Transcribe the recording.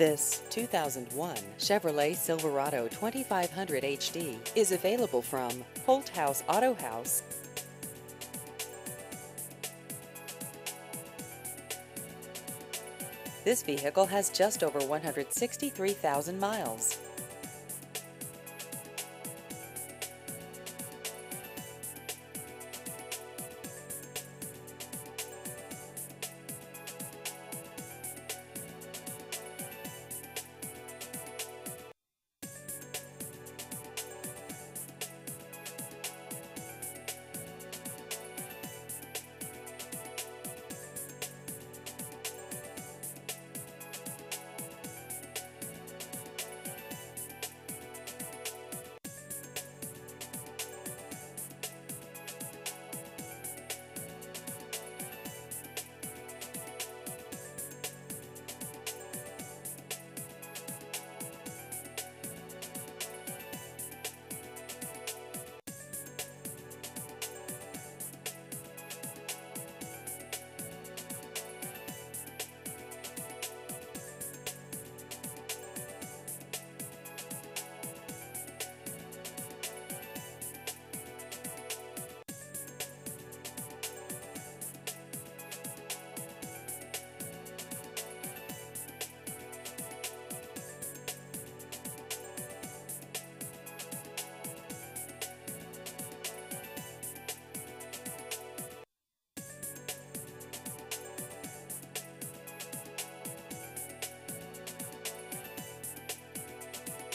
This 2001 Chevrolet Silverado 2500 HD is available from Holt House Auto House. This vehicle has just over 163,000 miles.